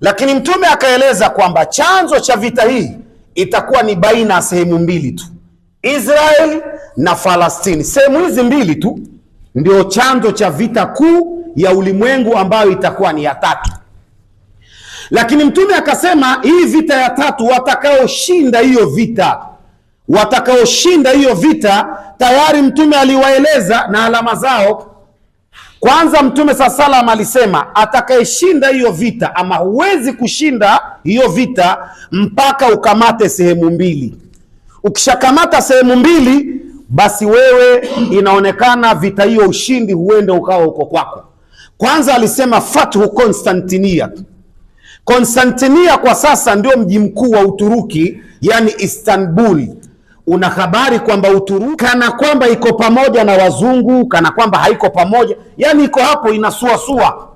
Lakini Mtume akaeleza kwamba chanzo cha vita hii itakuwa ni baina ya sehemu mbili tu, Israeli na Falastini. Sehemu hizi mbili tu ndio chanzo cha vita kuu ya ulimwengu ambayo itakuwa ni ya tatu. Lakini Mtume akasema hii vita ya tatu, watakaoshinda hiyo vita watakaoshinda hiyo vita, tayari Mtume aliwaeleza na alama zao kwanza Mtume saa salam alisema atakayeshinda hiyo vita, ama huwezi kushinda hiyo vita mpaka ukamate sehemu mbili. Ukishakamata sehemu mbili, basi wewe inaonekana vita hiyo ushindi huende ukawa uko kwako. Kwanza alisema fathu Konstantinia. Konstantinia kwa sasa ndio mji mkuu wa Uturuki, yani Istanbul una habari kwamba Uturuki kana kwamba iko pamoja na wazungu, kana kwamba haiko pamoja, yaani iko hapo inasuasua.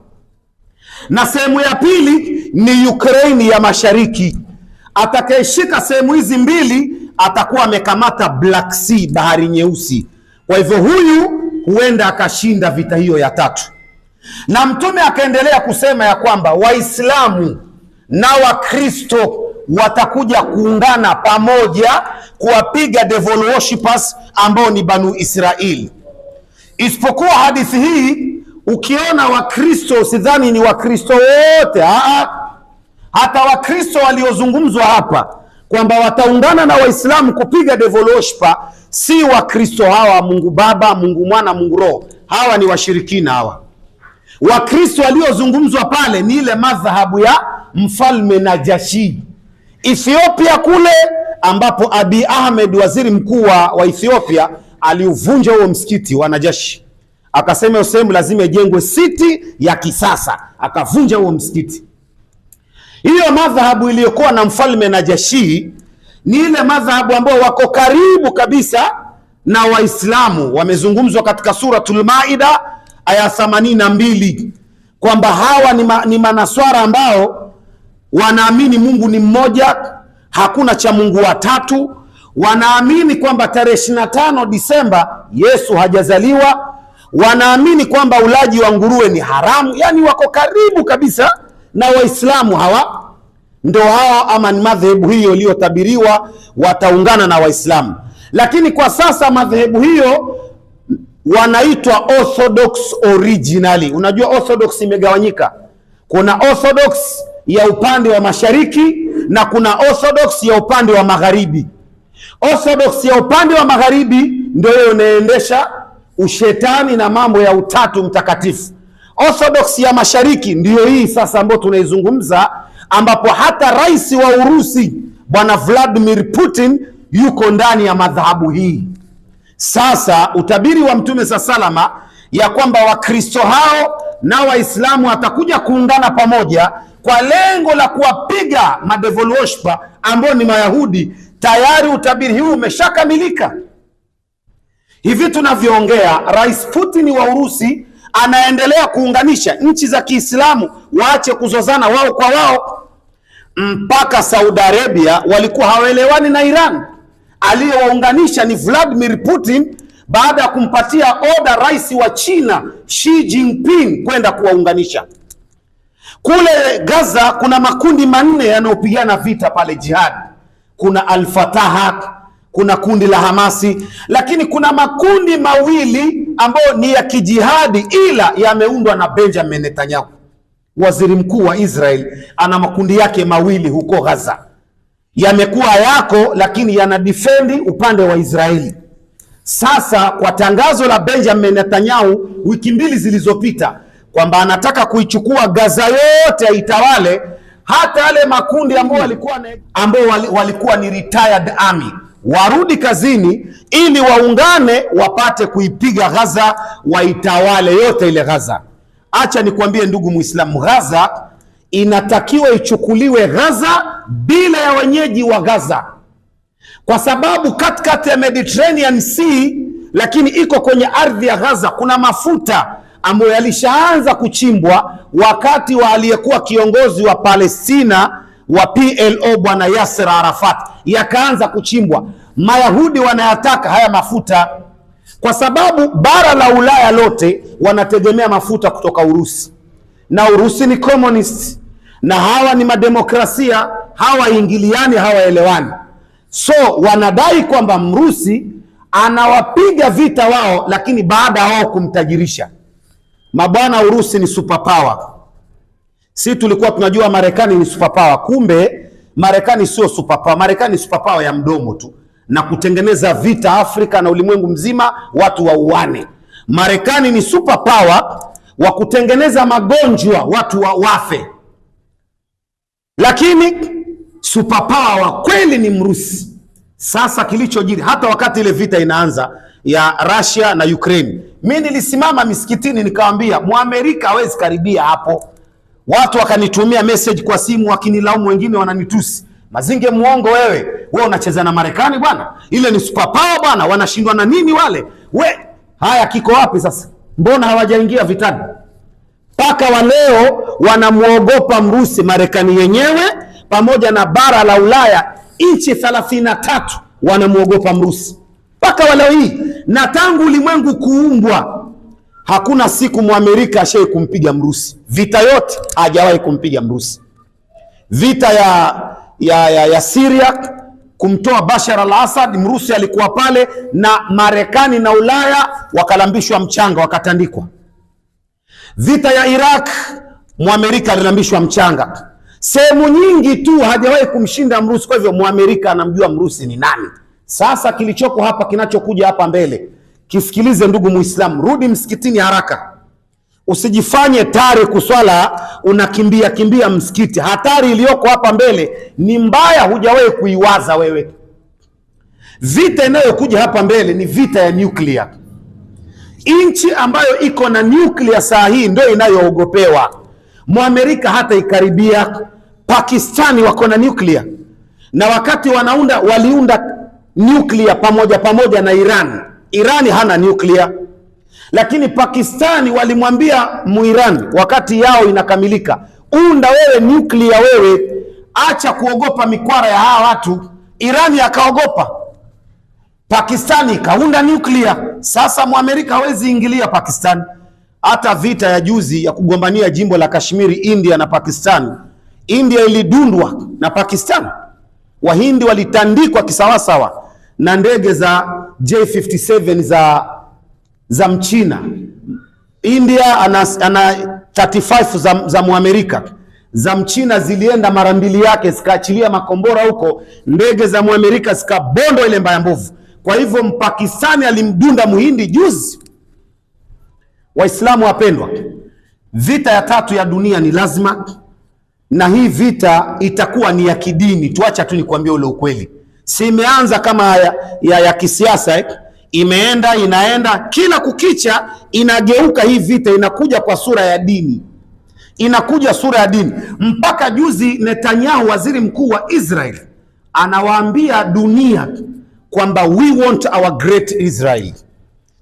Na sehemu ya pili ni Ukraini ya mashariki. Atakayeshika sehemu hizi mbili atakuwa amekamata Black Sea, bahari nyeusi. Kwa hivyo huyu huenda akashinda vita hiyo ya tatu, na Mtume akaendelea kusema ya kwamba Waislamu na Wakristo watakuja kuungana pamoja kuwapiga devil worshippers ambao ni Banu Israeli. Isipokuwa hadithi hii ukiona Wakristo, sidhani ni Wakristo wote ah, ah. hata Wakristo waliozungumzwa hapa kwamba wataungana na Waislamu kupiga devil worshiper, si Wakristo hawa Mungu Baba, Mungu Mwana, Mungu Roho, hawa ni washirikina hawa. Wakristo waliozungumzwa pale ni ile madhahabu ya mfalme Najashi Ethiopia kule ambapo Abiy Ahmed waziri mkuu wa Ethiopia aliuvunja huo msikiti wa najashi akasema hiyo sehemu lazima ijengwe siti ya kisasa, akavunja huo msikiti. Hiyo madhahabu iliyokuwa na mfalme Najashi ni ile madhahabu ambayo wako karibu kabisa na Waislamu, wamezungumzwa katika Suratul Maida aya 82 kwamba hawa ni, ma, ni manaswara ambao wanaamini Mungu ni mmoja, hakuna cha Mungu watatu. Wanaamini kwamba tarehe ishirini na tano Disemba Yesu hajazaliwa. Wanaamini kwamba ulaji wa nguruwe ni haramu. Yaani wako karibu kabisa na Waislamu hawa ndo hawa ama ni madhehebu hiyo iliyotabiriwa wataungana na Waislamu, lakini kwa sasa madhehebu hiyo wanaitwa Orthodox originally. Unajua Orthodox imegawanyika, kuna Orthodox ya upande wa mashariki na kuna Orthodox ya upande wa magharibi. Orthodox ya upande wa magharibi ndio inaendesha ushetani na mambo ya utatu mtakatifu. Orthodox ya mashariki ndiyo hii sasa ambayo tunaizungumza, ambapo hata rais wa Urusi bwana Vladimir Putin yuko ndani ya madhahabu hii. Sasa utabiri wa Mtume sa salama ya kwamba Wakristo hao na Waislamu watakuja kuungana pamoja kwa lengo la kuwapiga madevil worshiper ambao ni Mayahudi. Tayari utabiri huu umeshakamilika. Hivi tunavyoongea, Rais Putin wa Urusi anaendelea kuunganisha nchi za Kiislamu waache kuzozana wao kwa wao. Mpaka Saudi Arabia walikuwa hawaelewani na Iran, aliyowaunganisha ni Vladimir Putin baada ya kumpatia oda rais wa China Xi Jinping kwenda kuwaunganisha. Kule Gaza kuna makundi manne yanayopigana vita pale jihadi. Kuna al kuna kundi la Hamasi, lakini kuna makundi mawili ambayo ni ya kijihadi, ila yameundwa na Benjamin Netanyahu, waziri mkuu wa Israel. Ana makundi yake mawili huko Gaza, yamekuwa yako, lakini yana yanadifendi upande wa Israeli. Sasa kwa tangazo la Benjamin Netanyahu wiki mbili zilizopita kwamba anataka kuichukua Gaza yote aitawale, hata yale makundi ambao walikuwa ambao walikuwa ni retired army warudi kazini ili waungane wapate kuipiga Gaza waitawale yote ile Gaza. Acha nikwambie ndugu Muislamu, Gaza inatakiwa ichukuliwe Gaza bila ya wenyeji wa Gaza, kwa sababu katikati ya Mediterranean Sea, lakini iko kwenye ardhi ya Gaza kuna mafuta ambayo yalishaanza kuchimbwa wakati wa aliyekuwa kiongozi wa Palestina wa PLO Bwana Yasser Arafat, yakaanza kuchimbwa. Mayahudi wanayataka haya mafuta kwa sababu bara la Ulaya lote wanategemea mafuta kutoka Urusi, na Urusi ni communist na hawa ni mademokrasia, hawaingiliani, hawaelewani. So wanadai kwamba Mrusi anawapiga vita wao, lakini baada ya wao kumtajirisha Mabwana Urusi ni super power. Si tulikuwa tunajua Marekani ni super power, kumbe Marekani sio super power. Marekani ni super power ya mdomo tu na kutengeneza vita Afrika na ulimwengu mzima, watu wauane. Marekani ni super power wa kutengeneza magonjwa watu wa wafe, lakini super power wa kweli ni Mrusi. Sasa kilichojiri, hata wakati ile vita inaanza ya Russia na Ukraine. Mi nilisimama misikitini nikawambia Mwamerika hawezi karibia hapo. Watu wakanitumia message kwa simu wakinilaumu, wengine wananitusi. Mazinge muongo wewe, wewe unacheza na Marekani bwana, ile ni power bwana, wanashindwa na nini wale? We haya kiko wapi sasa? Mbona hawajaingia vitani? Mpaka wa leo wanamwogopa Mrusi, Marekani yenyewe pamoja na bara la Ulaya, nchi thelathini na tatu wanamwogopa Mrusi mpaka waleo hii. Na tangu ulimwengu kuumbwa, hakuna siku mwamerika ashai kumpiga mrusi. Vita yote hajawahi kumpiga mrusi. Vita ya, ya, ya, ya Syria kumtoa Bashar al-Assad, mrusi alikuwa pale, na Marekani na Ulaya wakalambishwa mchanga, wakatandikwa. Vita ya Iraq mwamerika alilambishwa mchanga. Sehemu nyingi tu hajawahi kumshinda mrusi. Kwa hivyo mwamerika anamjua mrusi ni nani. Sasa kilichoko hapa, kinachokuja hapa mbele, kisikilize ndugu Muislam, rudi msikitini haraka, usijifanye tare kuswala unakimbia kimbia msikiti. Hatari iliyoko hapa mbele ni mbaya, hujawahi kuiwaza wewe. Vita inayokuja hapa mbele ni vita ya nyuklia. Nchi ambayo iko na nyuklia saa hii ndio inayoogopewa. Mwamerika hata ikaribia Pakistani wako na nyuklia, na wakati wanaunda waliunda nuclear pamoja pamoja na Iran. iran hana nuclear, lakini Pakistani walimwambia Muiran wakati yao inakamilika, unda wewe nuclear, wewe, acha kuogopa mikwara ya hawa watu. Irani akaogopa, Pakistani ikaunda nuclear. Sasa mwamerika hawezi ingilia Pakistani. Hata vita ya juzi ya kugombania jimbo la Kashmiri, India na Pakistani, India ilidundwa na pakistan wahindi walitandikwa kisawasawa na ndege za J57 za, za Mchina. India ana, ana 35 za, za Muamerika za Mchina zilienda mara mbili yake zikaachilia makombora huko, ndege za Muamerika zikabondwa ile mbaya mbovu. Kwa hivyo Mpakistani alimdunda Muhindi juzi. Waislamu wapendwa, vita ya tatu ya dunia ni lazima, na hii vita itakuwa ni ya kidini. Tuacha tu nikwambie ule ukweli si imeanza kama ya, ya, ya kisiasa eh? Imeenda inaenda kila kukicha inageuka. Hii vita inakuja kwa sura ya dini, inakuja sura ya dini. Mpaka juzi Netanyahu, waziri mkuu wa Israel, anawaambia dunia kwamba we want our great Israel,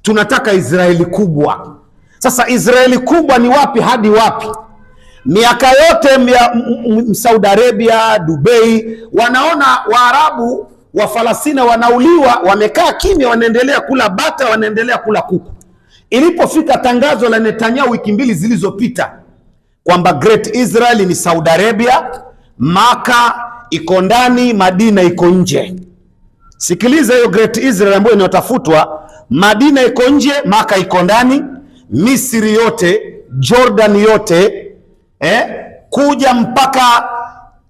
tunataka Israeli kubwa. Sasa Israeli kubwa ni wapi hadi wapi? Miaka yote mia, Saudi Arabia, Dubai, wanaona Waarabu Wafalastina wanauliwa, wamekaa kimya, wanaendelea kula bata, wanaendelea kula kuku. Ilipofika tangazo la Netanyahu wiki mbili zilizopita kwamba Great Israel ni Saudi Arabia, Maka iko ndani, Madina iko nje. Sikiliza hiyo Great Israel ambayo inayotafutwa, Madina iko nje, Maka iko ndani, Misri yote, Jordan yote, eh, kuja mpaka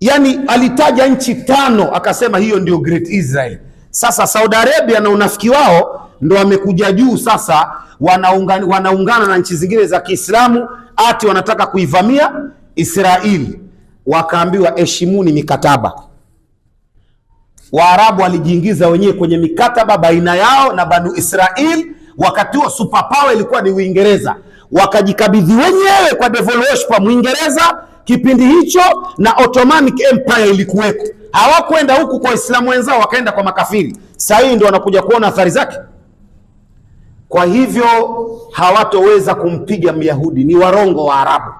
yani alitaja nchi tano akasema hiyo ndio Great Israel. Sasa Saudi Arabia na unafiki wao ndo wamekuja juu sasa, wanaungana, wanaungana na nchi zingine za Kiislamu ati wanataka kuivamia Israeli. Wakaambiwa heshimuni mikataba. Waarabu walijiingiza wenyewe kwenye mikataba baina yao na Banu Israel. Wakati huo superpower ilikuwa ni Uingereza, wakajikabidhi wenyewe kwa Devil kwa Mwingereza Kipindi hicho na Ottomanic Empire ilikuweko, hawakwenda huku kwa Waislamu wenzao, wakaenda kwa makafiri. Sasa hii ndio wanakuja kuona athari zake. Kwa hivyo hawatoweza kumpiga Myahudi, ni warongo wa Arabu,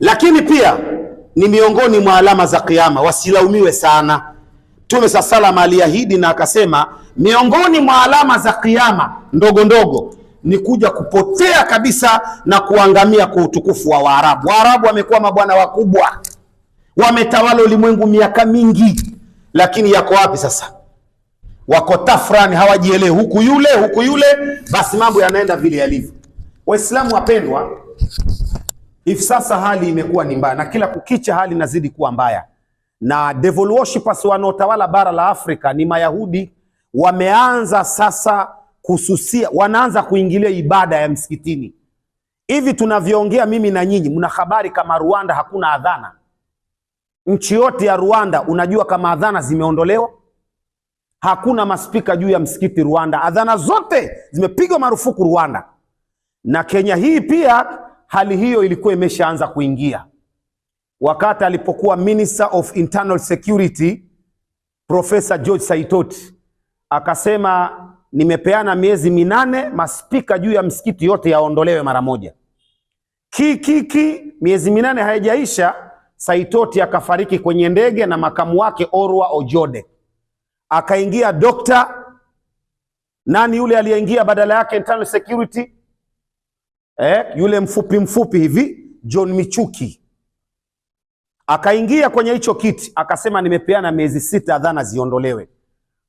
lakini pia ni miongoni mwa alama za Kiyama, wasilaumiwe sana. Mtume saa salama aliahidi na akasema, miongoni mwa alama za Kiyama ndogo ndogo ni kuja kupotea kabisa na kuangamia kwa utukufu wa Waarabu. Waarabu wamekuwa mabwana wakubwa, wametawala ulimwengu miaka mingi, lakini yako wapi sasa? Wako tafrani, hawajielewi, huku yule huku yule, basi mambo yanaenda vile yalivyo. Waislamu wapendwa, hivi sasa hali imekuwa ni mbaya na kila kukicha hali inazidi kuwa mbaya, na devil worshipers wanaotawala bara la Afrika ni Mayahudi. Wameanza sasa kususia, wanaanza kuingilia ibada ya msikitini. Hivi tunavyoongea mimi na nyinyi, mna habari kama Rwanda hakuna adhana? Nchi yote ya Rwanda unajua kama adhana zimeondolewa? Hakuna maspika juu ya msikiti Rwanda, adhana zote zimepigwa marufuku Rwanda. Na Kenya hii pia hali hiyo ilikuwa imeshaanza kuingia wakati alipokuwa Minister of Internal Security Professor George Saitoti akasema nimepeana miezi minane, maspika juu ya msikiti yote yaondolewe mara moja. Kikiki ki, miezi minane haijaisha, Saitoti akafariki kwenye ndege na makamu wake Orwa Ojode akaingia dokta nani yule aliyeingia badala yake internal security eh, yule mfupi mfupi hivi John Michuki akaingia kwenye hicho kiti akasema, nimepeana miezi sita, dhana ziondolewe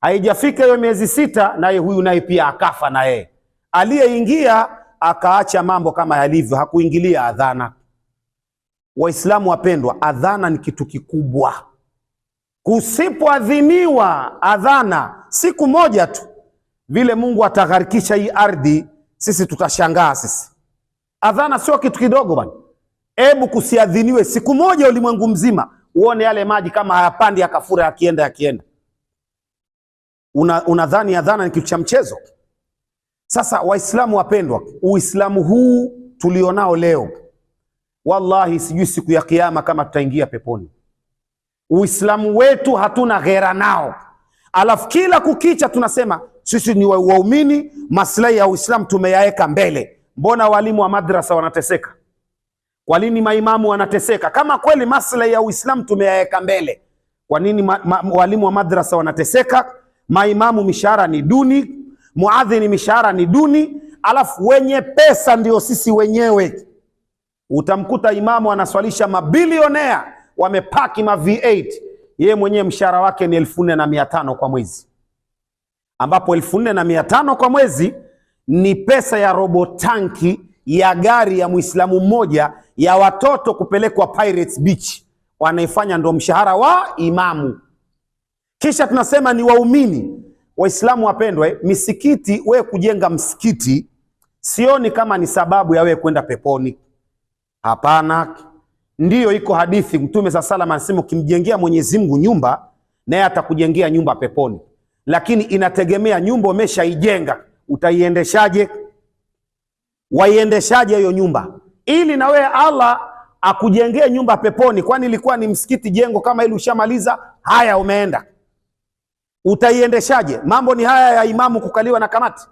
haijafika hiyo miezi sita, naye huyu naye pia akafa na yeye. Aliyeingia akaacha mambo kama yalivyo, hakuingilia adhana. Waislamu wapendwa, adhana ni kitu kikubwa. Kusipoadhiniwa adhana siku moja tu, vile Mungu atagharikisha hii ardhi, sisi tutashangaa. Sisi adhana sio kitu kidogo bwana. Hebu kusiadhiniwe siku moja ulimwengu mzima, uone yale maji kama hayapandi, yakafura, yakienda yakienda unadhani una adhana ni kitu cha mchezo. Sasa Waislamu wapendwa, Uislamu huu tulionao leo, wallahi sijui siku ya Kiyama kama tutaingia peponi. Uislamu wetu hatuna ghera nao, alafu kila kukicha tunasema sisi ni waumini, maslahi ya Uislamu tumeyaweka mbele. Mbona walimu wa madrasa wanateseka? Kwa nini maimamu wanateseka? Kama kweli maslahi ya Uislamu tumeyaweka mbele, kwa nini walimu wa madrasa wanateseka? maimamu mishahara ni duni, muadhini mishahara ni duni, alafu wenye pesa ndio sisi wenyewe. Utamkuta imamu anaswalisha mabilionea wamepaki ma V8, yeye mwenyewe mshahara wake ni elfu nne na mia tano kwa mwezi, ambapo elfu nne na mia tano kwa mwezi ni pesa ya robo tanki ya gari ya Muislamu mmoja ya watoto kupelekwa Pirates Beach, wanaifanya ndo mshahara wa imamu. Kisha tunasema ni waumini Waislamu wapendwe, misikiti, wewe kujenga msikiti sioni kama ni sababu ya wewe kwenda peponi. Hapana, ndiyo iko hadithi Mtume sa salam anasema ukimjengea Mwenyezi Mungu nyumba naye atakujengea nyumba peponi, lakini inategemea nyumba umeshaijenga, utaiendeshaje? Waiendeshaje hiyo nyumba, ili na wewe Allah akujengee nyumba peponi? Kwani ilikuwa ni msikiti, jengo kama hili ushamaliza, haya umeenda utaiendeshaje? Mambo ni haya ya imamu kukaliwa na kamati,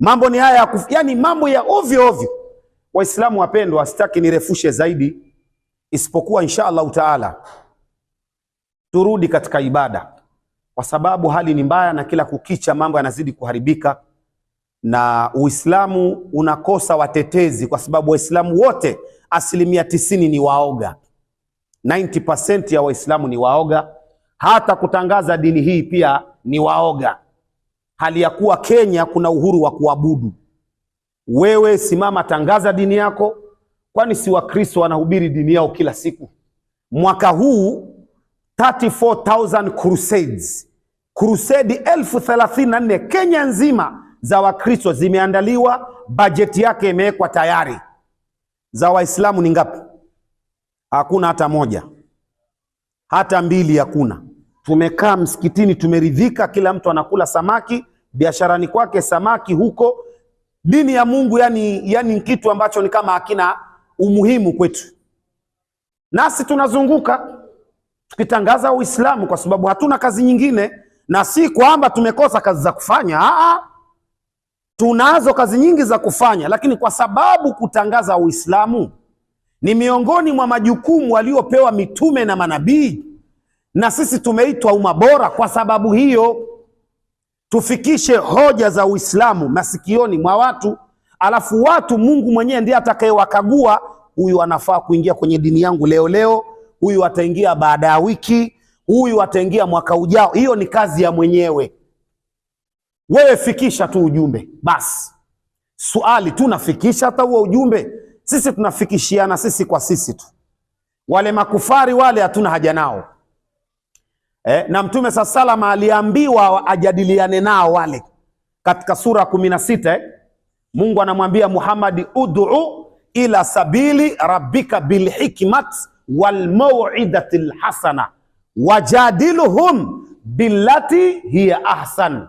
mambo ni haya ya kuf... yani mambo ya ovyo ovyo. Waislamu wapendwa, sitaki nirefushe zaidi, isipokuwa insha Allahu taala turudi katika ibada, kwa sababu hali ni mbaya na kila kukicha mambo yanazidi kuharibika na Uislamu unakosa watetezi, kwa sababu Waislamu wote asilimia tisini ni waoga, 90% ya Waislamu ni waoga hata kutangaza dini hii pia ni waoga, hali ya kuwa Kenya kuna uhuru wa kuabudu. Wewe simama, tangaza dini yako, kwani si Wakristo wanahubiri dini yao kila siku? Mwaka huu 34000 crusades, crusade elfu thelathini na nne Kenya nzima za Wakristo zimeandaliwa, bajeti yake imewekwa tayari. Za Waislamu ni ngapi? Hakuna hata moja hata mbili hakuna. Tumekaa msikitini, tumeridhika, kila mtu anakula samaki biasharani kwake, samaki huko. Dini ya Mungu yani, yani kitu ambacho ni kama hakina umuhimu kwetu, nasi tunazunguka tukitangaza Uislamu kwa sababu hatuna kazi nyingine, na si kwamba tumekosa kazi za kufanya. Aa, tunazo kazi nyingi za kufanya, lakini kwa sababu kutangaza Uislamu ni miongoni mwa majukumu waliopewa mitume na manabii, na sisi tumeitwa umma bora. Kwa sababu hiyo, tufikishe hoja za Uislamu masikioni mwa watu, alafu watu, Mungu mwenyewe ndiye atakayewakagua, huyu anafaa kuingia kwenye dini yangu leo leo, huyu ataingia baada ya wiki, huyu ataingia mwaka ujao. Hiyo ni kazi ya mwenyewe. Wewe fikisha tu ujumbe basi. Swali tunafikisha hata huo ujumbe sisi tunafikishiana sisi kwa sisi tu, wale makufari wale hatuna haja nao eh. Na Mtume saa salama aliambiwa ajadiliane nao wale katika sura kumi na sita eh. Mungu anamwambia Muhammadi, ud'u ila sabili rabbika bilhikmat walmauidati lhasana wajadiluhum billati hiya ahsan.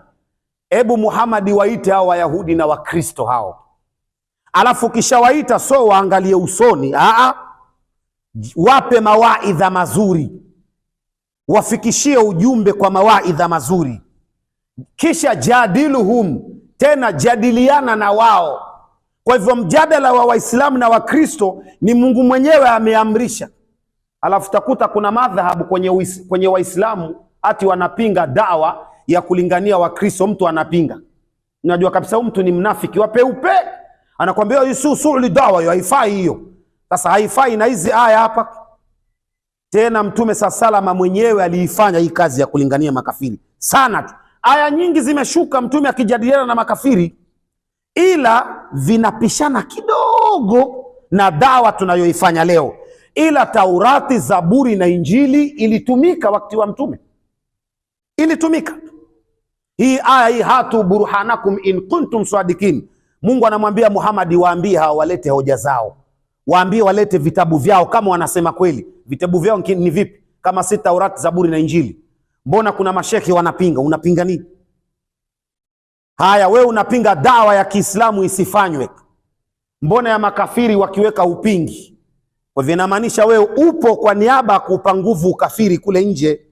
Ebu Muhammadi, waite hao Wayahudi na Wakristo hao alafu kishawaita so waangalie usoni. Aa, wape mawaidha mazuri, wafikishie ujumbe kwa mawaidha mazuri, kisha jadiluhum, tena jadiliana na wao. Kwa hivyo mjadala wa Waislamu na Wakristo ni Mungu mwenyewe ameamrisha. Alafu takuta kuna madhahabu kwenye, kwenye Waislamu ati wanapinga dawa ya kulingania Wakristo. Mtu anapinga, unajua kabisa huyu mtu ni mnafiki wapeupe Anakwambia yususuli dawa hiyo haifai hiyo. Sasa haifai na hizi aya hapa tena. Mtume saa salama mwenyewe aliifanya hii kazi ya kulingania makafiri sana tu. Aya nyingi zimeshuka mtume akijadiliana na makafiri, ila vinapishana kidogo na dawa tunayoifanya leo, ila Taurati, Zaburi na Injili ilitumika wakati wa mtume, ilitumika hii aya hii, hatu burhanakum in kuntum sadikin Mungu anamwambia Muhammad, waambie hawa walete hoja zao, waambie walete vitabu vyao kama wanasema kweli. Vitabu vyao ni vipi kama si Taurati, Zaburi na Injili? Mbona kuna mashekhe wanapinga? Unapinga nini? Haya, we unapinga dawa ya Kiislamu isifanywe, mbona ya makafiri wakiweka upingi? Kwa hivyo inamaanisha wewe upo kwa niaba ya kuupa nguvu ukafiri kule nje.